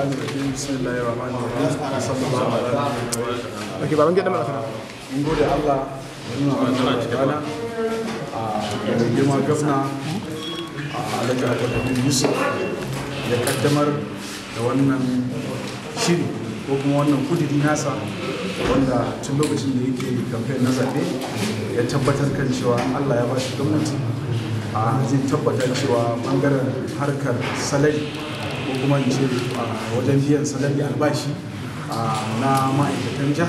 الشيطان الرجيم بسم Allah a ya kaddamar da wannan shiri ko kuma wannan kudiri nasa wanda tun lokacin da yake kamfen na zaɓe ya tabbatar kan cewa Allah ya ba shi gwamnati a zai tabbatar cewa ɓangaren harkar salari ko kuma in ce a wajen biyan salari albashi na ma'aikatan jiha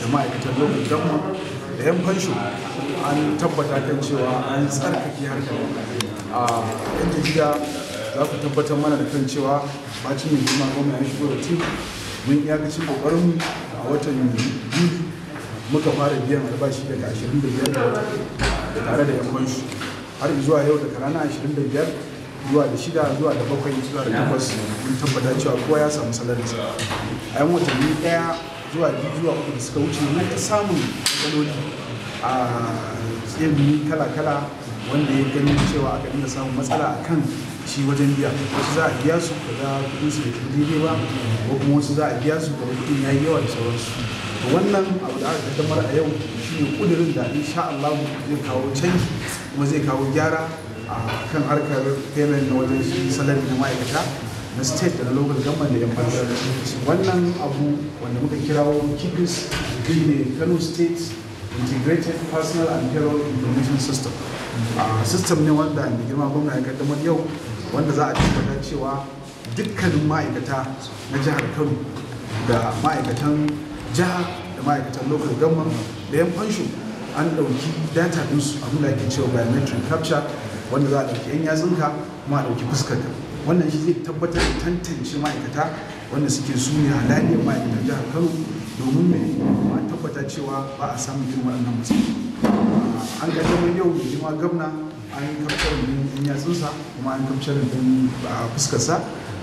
da ma'aikatan lokacin gamma da yan fansho an tabbata kan cewa an tsarkake harkar a yan jarida za ku tabbatar mana da kan cewa bacin mai kuma goma ya shigo da tim mun cin kokarin a watan yuli muka fara biyan albashi daga 25 da wata tare da yan fansho har zuwa yau daga rana biyar. zuwa da shida zuwa da bakwai zuwa da takwas mun tabbata cewa kowa ya samu salarinsa a yan watanni daya zuwa biyu zuwa uku da suka wuce na ta samun matsaloli a kala-kala wanda ya gani cewa aka dinga samun matsala a kan shi wajen biya wasu za a biya su za kudin su bai daidai ba ko kuma wasu za a biya su kaga kudin yi yawa da sauransu wannan abu da aka kaddamar a yau shine kudurin da insha Allah zai kawo canji kuma zai kawo gyara kan harkar payment na wajen shi salari na ma'aikata na state da na local government da yan wannan abu wanda muka kirawo kibis bill ne kano state integrated personal and payroll information system system ne wanda mai girma gwamna ya kaddamar yau wanda za a tabbatar cewa dukkanin ma'aikata na jihar kano da ma'aikatan jiha da ma'aikatan local government da yan fansho an ɗauki data ɗinsu abin da ake cewa biometric capture wanda za a ɗauki 'yan yatsunka kuma a ɗauki fuskarka wannan shi zai tabbatar da tantance ma'aikata wanda suke su ne halaliyar ma'aikatan jihar kano domin mai kuma tabbata cewa ba a samun irin waɗannan matsaloli an gaddamar yau da jima gwamna an yi da yan yatsunsa kuma an kafcar ɗin fuskarsa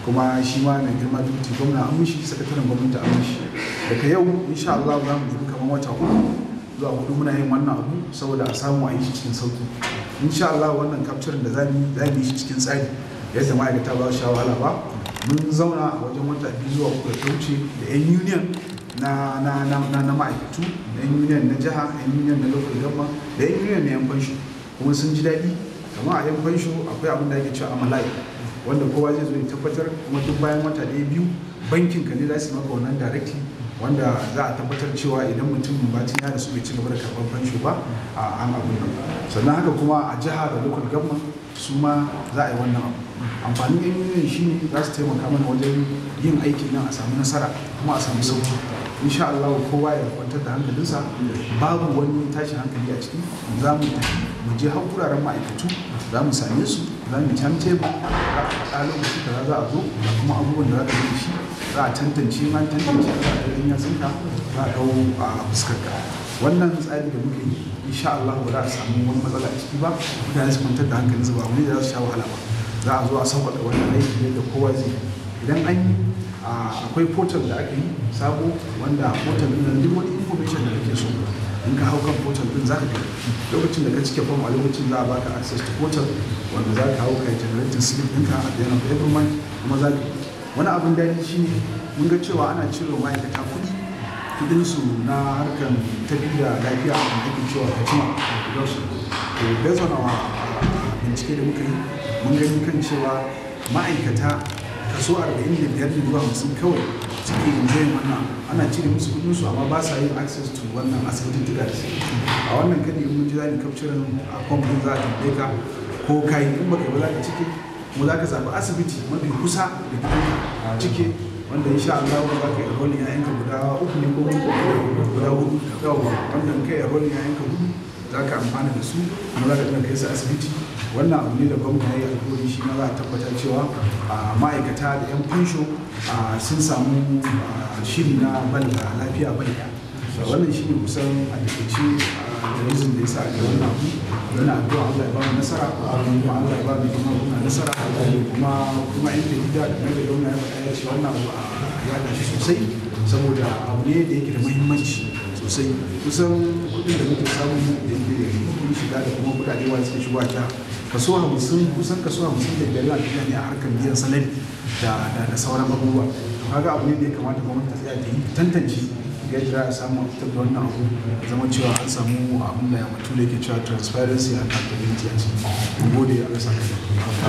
kuma shi ma na girma duty gwamna an mishi sakataren gwamnati an mishi daga yau insha za mu nemi kamar wata uku zuwa hudu muna yin wannan abu saboda a samu a yi shi cikin sauki insha Allah wannan capturing da zamu za mu yi shi cikin tsari yadda ma'aikata ba su wahala ba mun zauna a wajen wata biyu zuwa uku da da yan union na ma'aikatu da yan union na jiha yan union na local government da yan union na yan fansho kuma sun ji daɗi kamar a yan fansho akwai abin da ake cewa amalai wanda kowa zai zo ya tabbatar kuma duk bayan wata ɗaya biyu bankin ka ne za su maka wannan directly wanda za a tabbatar cewa idan mutum bacin ya su bai ci gaba da karɓar fanshi ba a an abin nan sannan haka kuma a jiha da local government su ma za a yi wannan abu amfanin yan union shi ne za su taimaka mana wajen yin aikin nan a samu nasara kuma a samu sauki insha Allah kowa ya kwantar da hankalinsa babu wani tashin hankali a ciki za mu tafi mu je har wuraren ma'aikatu za mu same su za mu timetable a ɗalibin da za a zo kuma abubuwan da za ka yi shi za a tantance ma tantance za a ɗauki yatsunka za a ɗau a fuskarka wannan tsari da muke yi insha Allah ba za a samu wani matsala a ciki ba mutane su kwantar da hankali zuwa wani da za su sha wahala ba za a zo a sauƙaƙa wannan aiki da kowa zai idan an yi akwai portal da ake yi sabo wanda portal ɗin duk wani information da kake so in ka hau kan portal ɗin za ka ga lokacin da ka cike form a lokacin za a baka access to portal wanda za ka hau ka yi generating slip ɗinka a the end of every month kuma za ka wani abin daɗi shi ne mun ga cewa ana cire ma'aikata kuɗi su na harkar tafi da lafiya a ake cewa katima production to based on bincike da muka yi mun gani kan cewa ma'aikata kaso 45 zuwa 50 kawai suke enjoying wannan ana cire musu kudin su amma ba sa yin access to wannan asibitin tuka da a wannan kadi mun ji zani kafcirin a kwamfin za a tambaye ka ko kayi in baka ba za ka ciki Kuma za ka zaɓi asibiti wanda ya kusa da gidan cike wanda insha Allah ba za ka yi a yanka guda uku ne ko guda hudu yawwa wanda in ka yi rolin yayanka hudu za ka amfana da su kuma za ka tana kai su asibiti wannan abu ne da gwamna ya alkawari shi ma za a tabbatar cewa ma'aikata da 'yan fansho sun samu shiri na ban lafiya ban wannan shi ne kusan a takaice dalilin ah, da ya sa ake wannan abu yana addu'a Allah ya ba mu nasara um, kuma Allah ya ba mu kuma muna nasara kuma kuma inda gida da mai da wannan ya ce wannan abu ah, ya da shi sosai saboda abu ne da yake da muhimmanci sosai kusan kudin da muke samu da yake kudin shiga da kuma kudade wa suke shigo ta kaso hamsin kusan kaso hamsin da biyar yana tafiya ne a harkar biyan salari da sauran abubuwa kaga abu ne da ya kamata gwamnati ta tsaya ta yi tantance yadda za a samu a fitar da wannan abu zama cewa an samu abin da ya mutu da ke cewa transparency and accountability a ciki gode a ƙasa